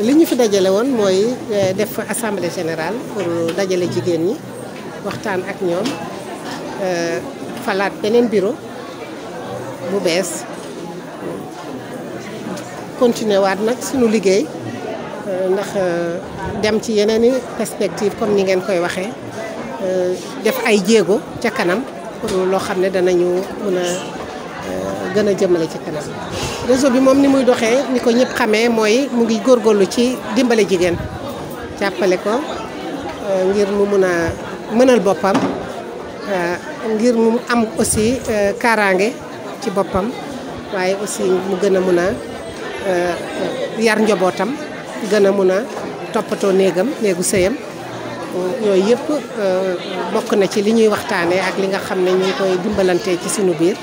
li ñu fi dajale woon mooy eh, def assemblée générale pour dajale jigéen ñi waxtaan ak ñoom eh, falaat beneen biro bu bees continuer waat nag suñu liggéey eh, ndax dem ci yeneen i perspective comme ni ngeen koy waxee def ay jéego ca kanam pour loo xam ne danañu mën a Euh, gën a jëmbale ci kanam réseau bi moom ni muy doxee ni ko ñëpp xamee mooy mu ngi góor góorlu ci dimbale jigéen jàppale ko euh, ngir mu mun a mënal boppam euh, ngir mu am aussi kaaraange ci boppam waaye aussi mu gën a mun a yar njobootam gën a mun a toppatoo néegam néegu sëyam yooyu yëpp bokk na ci li ñuy waxtaanee ak li nga xam ne ñu ngi koy dimbalante ci sunu biir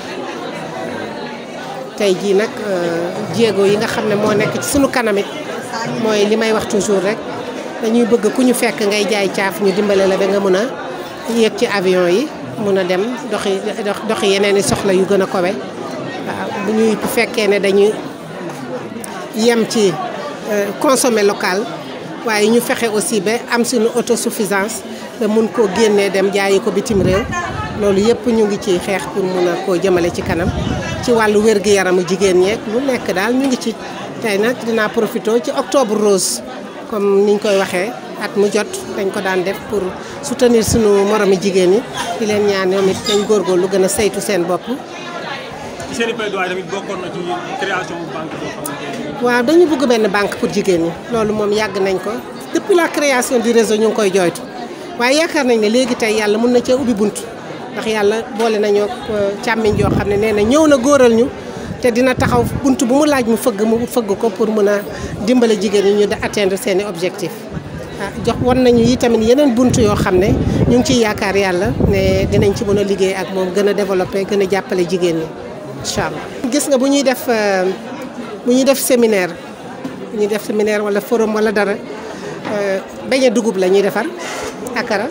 tey jii nag euh, jéego yi nga xam ne moo nekk ci kanam kanamit mooy li may wax toujours rek dañuy bëgg ku ñu fekk ngay jaay caaf ñu dimbale la ba nga mun a yéeg ci avion yi mun a dem doxi doxi yeneen i soxla yu gën a kowe waaw bu ñuy fekkee ne dañuy yem ci euh, consommer local waaye ñu fexe aussi ba am suñu autosuffisance da mun koo génnee dem jaayi ko bitim réew loolu yëpp ñu ngi ciy xeex pour mun a koo jëmale ci kanam ci wàllu wér-gu-yaramu jigéen ñeeg lu nekk daal ñu ngi ci tey nag dinaa profité ci octobre rose comme niñ koy waxee at mu jot dañ ko daan def pour soutenir sunu moromi jigéen yi di leen ñaan ñoom it dañ lu gën a saytu seen bopp. seen i plaidoyer tamit bokkoon na ci waaw dañu bëgg benn banque pour jigéen ñi loolu moom yàgg nañ ko depuis la création du réseau ñu ngi koy jooytu waaye yaakaar nañ ne léegi tey yàlla mun na cee ubbi bunt. ndax yàlla boole nañoo euh, càmmiñ yoo xam ne nee na ñëw na góoral ñu te dina taxaw bunt bu mu laaj mu fëgg mu fëgg ko pour mën a dimbale jigéen ñi ñu da atteindre seeni objectif ah, jox won nañu yi tamit yeneen bunt yoo xam ne ñu ngi ciy yaakaar yàlla ne dinañ ci mun a liggéey ak moom gën a développé gën a jàppale jigéen ñi allah. gis nga bu ñuy def euh, bu ñuy def séminaire bu ñuy def séminaire wala forum wala dara euh, beñe dugub la ñuy defar akara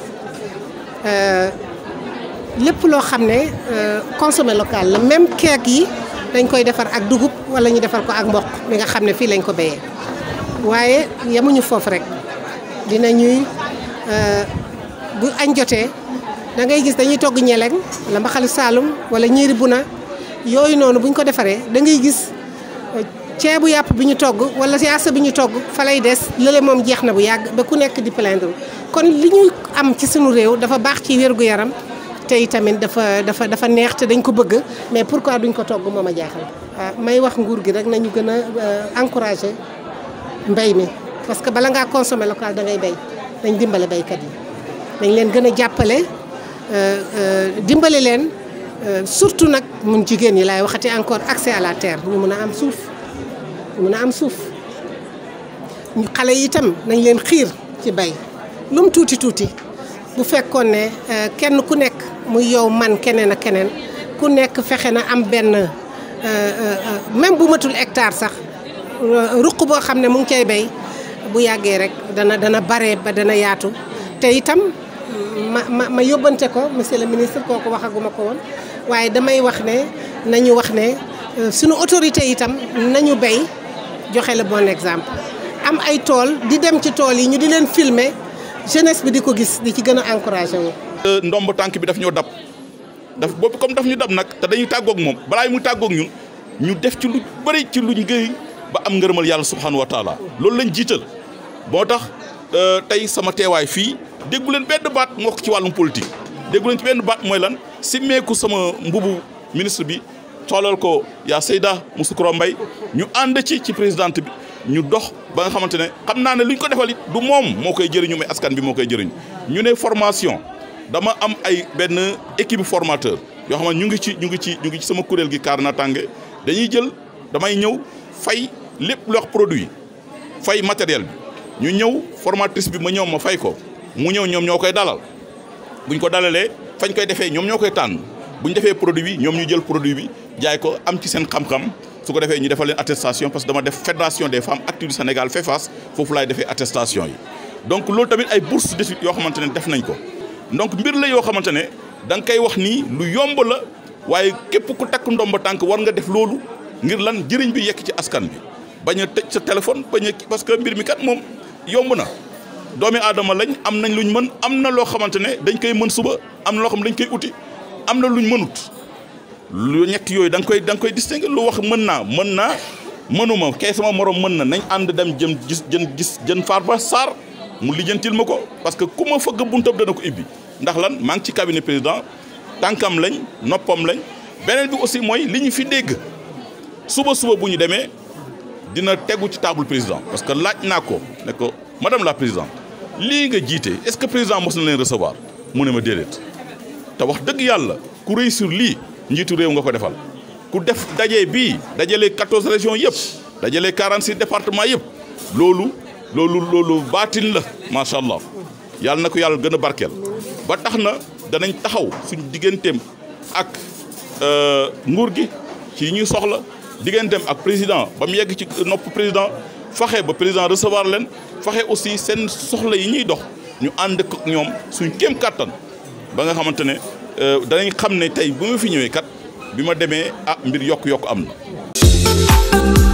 lépp loo xam ne euh, consommé local la même keek yi dañ koy defar ak dugub wala ñu defar ko ak mboq mi nga xam ne fii lañ ko béyee waaye yemuñu foofu rek dina ñuy euh, bu añ jotee dangay gis dañuy togg ñeleng wala mbaxalu saalum wala bu na yooyu noonu buñ ko defaree dangay ngay gis euh, ceebu yàpp bi ñu togg wala yaasa bi ñu togg fa lay des lële moom jeex na bu yàgg ba ku nekk di plaindre kon li ñu am ci sunu réew dafa baax ci wér gu yaram tey tamit dafa dafa dafa neex te dañ ko bëgg mais pour quoi duñ ko togg moom a jaaxal. Ah, may wax nguur gi rek nañu gën a euh, encourager mbay mi parce que bala ngaa consommer local da ngay bay dañ dimbale baykat yi dañ leen gën a jàppale euh, euh, dimbale leen surtout nag mun jigéen yi laay waxati encore accès à la terre ñu mun a am suuf ñu mun a am suuf xale yi itam nañ leen xiir ci bay lum tuuti tuuti. bu fekkoon ne euh, kenn ku nekk muy yow man keneen ak keneen ku nekk fexe na am benn euh, euh, même bu matul hectare sax ruq boo xam ne mu ngi cay bay bu yàggee rek dana dana bare ba dana yaatu te itam ma ma ma yóbbante ko monsieur le ministre kooku waxaguma ko woon waaye damay wax ne nañu wax ne sunu autorité itam nañu bay joxe la bon exemple am ay tool di dem ci tool yi ñu di leen filmer jeunesse bi di ko gis di ci gën a encouragé wu. Euh, ndomb tànk bi daf ñoo dab daf boobu comme daf ñu dab nag te dañuy tàggoog moom balaa mu tàggoog ñun ñu def ci lu bëri ci lu luñ gëy ba am nga ngërëmal yàlla subhanahu wa taala loolu lañ jiital boo tax euh, tey sama teewaay fii déggu leen benn baat moo ci wàllum politique déggu leen ci baat mooy lan simmeeku sama mbubu ministre bi toolal ko yaa Seyda Moussoukro mbay ñu ànd ci ci présidente bi ñu dox ba nga xamante ne xam naa ne lu ñu ko defal it du moom moo koy jëriñu mais askan bi moo koy jëriñ ñu ne formation dama am ay benn équipe formateur yoo xam ñu ngi ci ñu ngi ci ñu ngi ci sama kuréel gi kaar na tànge dañuy jël damay ñëw fay lépp lu wax produit fay matériel bi ñu ñëw formatrice bi ma ñëw ma fay ko mu ñëw ñoom ñoo koy dalal bu ñu ko dalalee fañ koy defee ñoom ñoo koy tànn bu ñu defee produit bi ñoom ñu jël produit bi jaay ko am ci seen xam-xam su ko defee ñu defal leen attestation parce que dama def fédération des femmes actives du Sénégal FEFAS fofu lay défé attestation yi donc loolu tamit ay bourses de suite yo ne def nañ ko donc mbir la yo xamante dang kay wax ni lu yomb la waaye képp ku tak ndomba tank war nga def loolu ngir lan jëriñ bi yekk ci askan bi baña a tëj sa téléphone baña parce que mbir mi kat mom yomb na doomi adama lañ am nañ luñ mën am na loo xamante dañ koy mën suba am na loo xam dañ koy uti am na luñ mënut lu ñett yooyu danga koy da nga koy distinguer lu wax mën naa mën naa mënuma kay sama morom mën na nañ ànd dem jëm gis jën gis jën Farba Sarr mu lijjantil ma ko parce que ku ma fëgg buntam dana ko ibbi ndax lan maa ngi ci cabinet président tànkam lañ noppam lañ beneen bi aussi mooy li ñu fi dégg suba suba bu ñu demee dina tegu ci table président parce que laaj naa ko ne ko madame la présidente lii nga jiite est-ce que président mos na leen recevoir mu ne ma déedéet te wax dëgg njiitu réew nga ko defal ku def daje bii dajale 14 régions yëpp dajale 46 départements yëpp loolu loolu loolu baatin la macha allah yàlla na ko yàlla gën a barkeel ba tax na danañ taxaw suñu digganteem ak euh, nguur gi ci ñuy soxla digganteem ak président ba mu yegg ci nopp président faxe ba président recevoir leen faxe aussi seen soxla yi ñuy dox ñu ànd ak ñoom suñ kéem kàttan ba nga xamante Euh, danañ xam ne tey bu ma fi ñëwee kat bi ma demee ah mbir yokk-yokk am na.